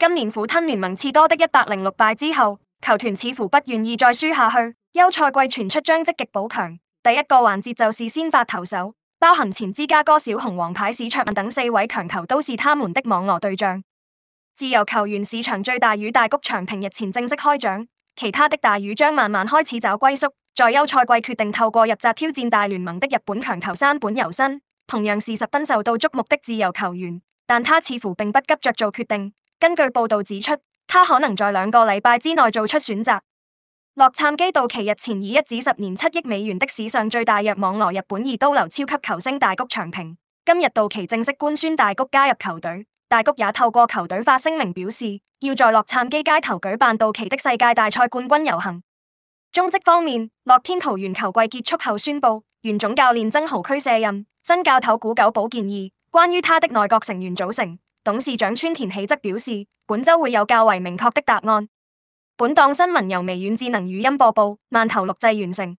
今年苦吞聯盟次多的一百零六敗之後，球團似乎不願意再輸下去。休賽季傳出將積極補強，第一個環節就是先發投手，包含前芝加哥小熊、王牌、市場等四位強球，都是他們的網絡對象。自由球員市場最大魚大谷翔平日前正式開獎，其他的大魚將慢慢開始找歸宿。在休賽季決定透過入札挑戰大聯盟的日本強投山本由伸，同樣是十分受到矚目的自由球員，但他似乎並不急着做決定。根據報道指出，他可能在兩個禮拜之內做出選擇。洛杉磯到期日前以一紙十年七億美元的史上最大約網羅日本二刀流超級球星大谷翔平。今日到期正式官宣大谷加入球隊。大谷也透過球隊發聲明表示，要在洛杉磯街頭舉辦到期的世界大賽冠軍遊行。中職方面，樂天桃園球季結束後宣布原總教練曾豪區卸任，新教頭古久保健二關於他的內閣成員組成。董事長川田喜則表示，本周會有較為明確的答案。本檔新聞由微軟智能語音播報，慢頭錄製完成。